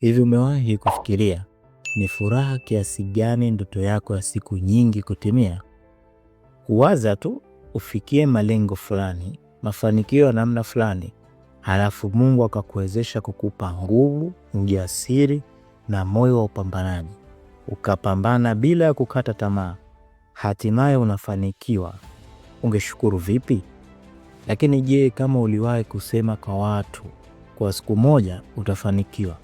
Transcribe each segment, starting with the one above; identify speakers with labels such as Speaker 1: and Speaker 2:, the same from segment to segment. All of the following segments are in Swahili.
Speaker 1: Hivi umewahi kufikiria ni furaha kiasi gani ndoto yako ya siku nyingi kutimia? Kuwaza tu ufikie malengo fulani, mafanikio ya namna fulani, halafu Mungu akakuwezesha kukupa nguvu, ujasiri na moyo wa upambanaji, ukapambana bila ya kukata tamaa, hatimaye unafanikiwa. Ungeshukuru vipi? Lakini je, kama uliwahi kusema kwa watu kwa siku moja utafanikiwa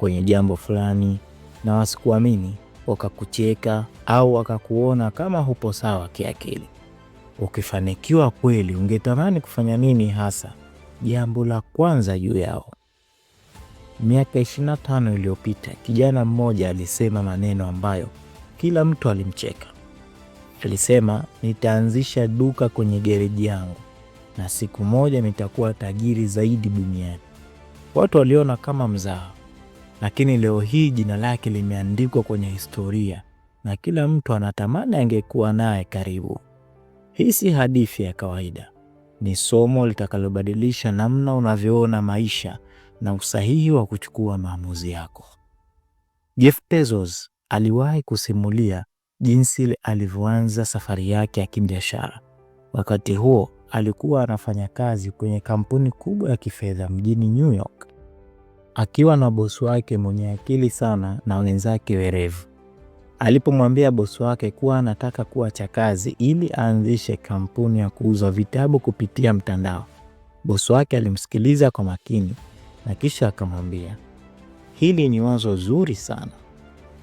Speaker 1: kwenye jambo fulani na wasikuamini, wakakucheka au wakakuona kama hupo sawa kiakili. Ukifanikiwa kweli, ungetamani kufanya nini hasa jambo la kwanza juu yao? Miaka 25 iliyopita kijana mmoja alisema maneno ambayo kila mtu alimcheka. Alisema, nitaanzisha duka kwenye gereji yangu na siku moja nitakuwa tajiri zaidi duniani. Watu waliona kama mzaha, lakini leo hii jina lake limeandikwa kwenye historia na kila mtu anatamani angekuwa naye karibu. Hii si hadithi ya kawaida, ni somo litakalobadilisha namna unavyoona maisha na usahihi wa kuchukua maamuzi yako. Jeff Bezos aliwahi kusimulia jinsi alivyoanza safari yake ya kibiashara. Wakati huo alikuwa anafanya kazi kwenye kampuni kubwa ya kifedha mjini New York akiwa na bosi wake mwenye akili sana na wenzake werevu. Alipomwambia bosi wake kuwa anataka kuacha kazi ili aanzishe kampuni ya kuuza vitabu kupitia mtandao, bosi wake alimsikiliza kwa makini na kisha akamwambia, hili ni wazo zuri sana,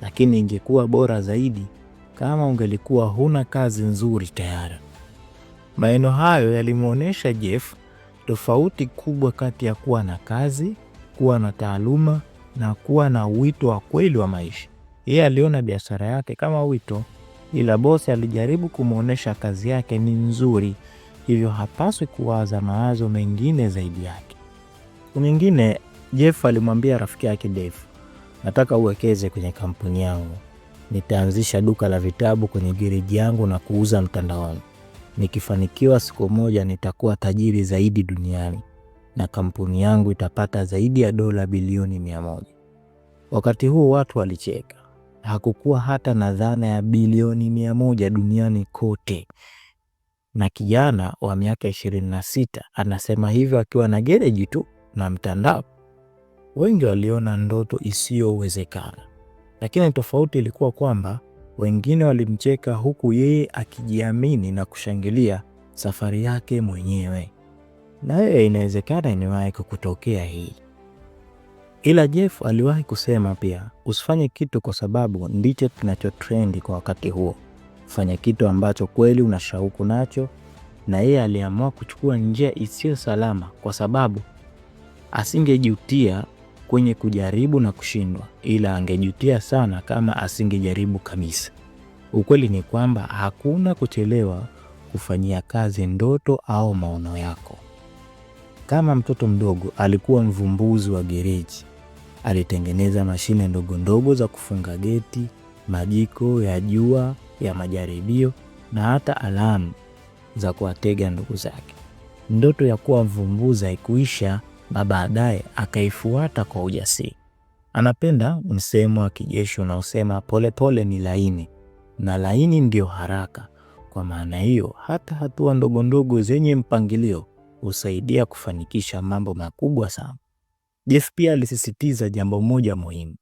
Speaker 1: lakini ingekuwa bora zaidi kama ungelikuwa huna kazi nzuri tayari. Maneno hayo yalimwonyesha Jeff tofauti kubwa kati ya kuwa na kazi kuwa na taaluma na kuwa na wito wa kweli wa maisha. Yeye aliona biashara yake kama wito, ila bosi alijaribu kumwonyesha kazi yake ni nzuri, hivyo hapaswi kuwaza mawazo mengine zaidi yake. Siku Jeff alimwambia rafiki yake Dave, nataka uwekeze kwenye kampuni yangu. Nitaanzisha duka la vitabu kwenye gereji yangu na kuuza mtandaoni. Nikifanikiwa siku moja nitakuwa tajiri zaidi duniani na kampuni yangu itapata zaidi ya dola bilioni mia moja. Wakati huo watu walicheka. Hakukuwa hata na dhana ya bilioni mia moja duniani kote, na kijana wa miaka ishirini na sita anasema hivyo akiwa na gereji tu na mtandao. Wengi waliona ndoto isiyowezekana, lakini tofauti ilikuwa kwamba wengine walimcheka huku yeye akijiamini na kushangilia safari yake mwenyewe na wewe inawezekana imewahi kukutokea hii. Ila Jeff aliwahi kusema pia, usifanye kitu kwa sababu ndicho kinachotrendi kwa wakati huo, fanya kitu ambacho kweli una shauku nacho, na yeye aliamua kuchukua njia isiyo salama kwa sababu asingejutia kwenye kujaribu na kushindwa, ila angejutia sana kama asingejaribu kabisa. Ukweli ni kwamba hakuna kuchelewa kufanyia kazi ndoto au maono yako. Kama mtoto mdogo, alikuwa mvumbuzi wa gereji. Alitengeneza mashine ndogo ndogo za kufunga geti, majiko ya jua ya majaribio na hata alamu za kuwatega ndugu zake. Ndoto ya kuwa mvumbuzi haikuisha, na baadaye akaifuata kwa ujasiri. Anapenda msemo wa kijeshi unaosema polepole ni laini na laini ndiyo haraka. Kwa maana hiyo, hata hatua ndogo ndogo zenye mpangilio husaidia kufanikisha mambo makubwa sana. Jeff pia alisisitiza jambo moja muhimu: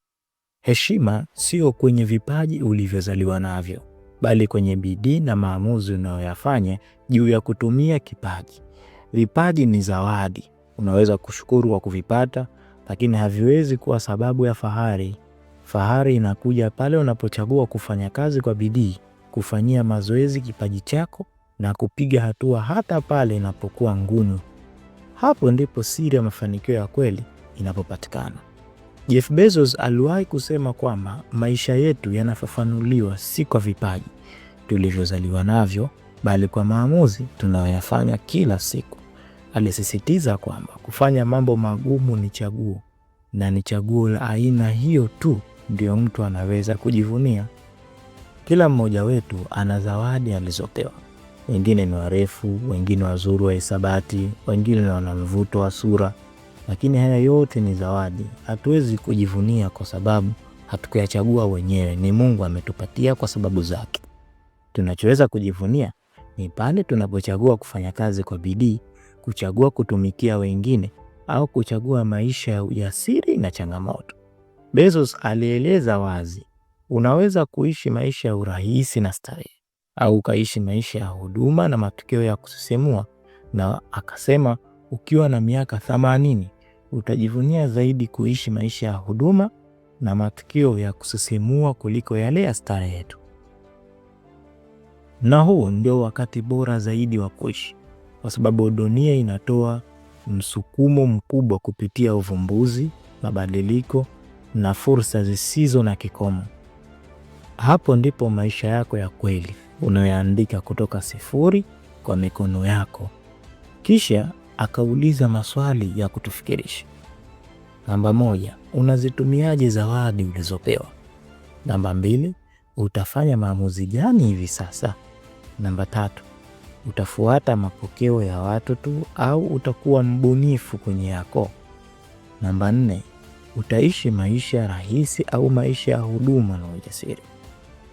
Speaker 1: heshima sio kwenye vipaji ulivyozaliwa navyo, bali kwenye bidii na maamuzi unayoyafanya juu ya kutumia kipaji. Vipaji ni zawadi, unaweza kushukuru kwa kuvipata, lakini haviwezi kuwa sababu ya fahari. Fahari inakuja pale unapochagua kufanya kazi kwa bidii, kufanyia mazoezi kipaji chako na kupiga hatua hata pale inapokuwa ngumu. Hapo ndipo siri ya mafanikio ya kweli inapopatikana. Jeff Bezos aliwahi kusema kwamba maisha yetu yanafafanuliwa si kwa vipaji tulivyozaliwa navyo, bali kwa maamuzi tunayoyafanya kila siku. Alisisitiza kwamba kufanya mambo magumu ni chaguo, na ni chaguo la aina hiyo tu ndio mtu anaweza kujivunia. Kila mmoja wetu ana zawadi alizopewa wengine ni warefu, wengine wazuri wa hisabati, wengine wana mvuto wa sura, lakini haya yote ni zawadi. Hatuwezi kujivunia kwa sababu hatukuyachagua wenyewe, ni Mungu ametupatia kwa sababu zake. Tunachoweza kujivunia ni pale tunapochagua kufanya kazi kwa bidii, kuchagua kutumikia wengine, au kuchagua maisha ya ujasiri na changamoto. Bezos alieleza wazi, unaweza kuishi maisha ya urahisi na starehe au ukaishi maisha ya huduma na matukio ya kusisimua, na akasema ukiwa na miaka themanini utajivunia zaidi kuishi maisha ya huduma na matukio ya kusisimua kuliko yale ya starehe yetu Na huu ndio wakati bora zaidi wa kuishi, kwa sababu dunia inatoa msukumo mkubwa kupitia uvumbuzi, mabadiliko na fursa zisizo na kikomo. Hapo ndipo maisha yako ya kweli unayoandika kutoka sifuri kwa mikono yako. Kisha akauliza maswali ya kutufikirisha. Namba moja, unazitumiaje zawadi ulizopewa? Namba mbili, utafanya maamuzi gani hivi sasa? Namba tatu, utafuata mapokeo ya watu tu au utakuwa mbunifu kwenye yako? Namba nne, utaishi maisha rahisi au maisha ya huduma na ujasiri?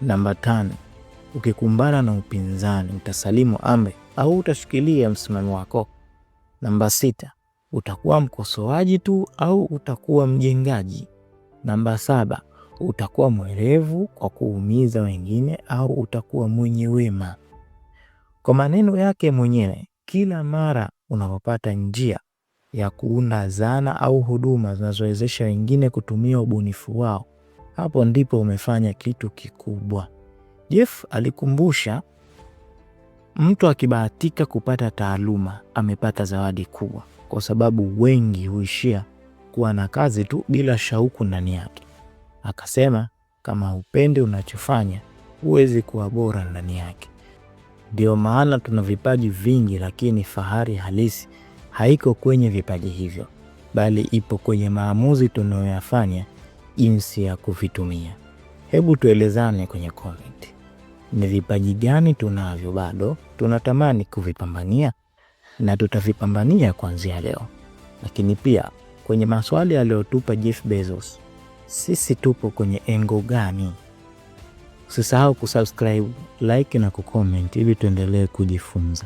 Speaker 1: Namba tano, Ukikumbana na upinzani, utasalimu amri au utashikilia msimamo wako? Namba sita, utakuwa mkosoaji tu au utakuwa mjengaji? Namba saba, utakuwa mwerevu kwa kuumiza wengine au utakuwa mwenye wema? Kwa maneno yake mwenyewe, kila mara unapopata njia ya kuunda zana au huduma zinazowezesha wengine kutumia ubunifu wao, hapo ndipo umefanya kitu kikubwa. Jeff alikumbusha, mtu akibahatika kupata taaluma amepata zawadi kubwa, kwa sababu wengi huishia kuwa na kazi tu bila shauku ndani yake. Akasema kama upende unachofanya huwezi kuwa bora ndani yake. Ndio maana tuna vipaji vingi, lakini fahari halisi haiko kwenye vipaji hivyo, bali ipo kwenye maamuzi tunayoyafanya jinsi ya kuvitumia. Hebu tuelezane kwenye comment ni vipaji gani tunavyo bado tunatamani kuvipambania na tutavipambania kuanzia leo. Lakini pia kwenye maswali aliyotupa Jeff Bezos, sisi tupo kwenye engo gani? Usisahau kusubscribe, like na kucomment ili tuendelee kujifunza.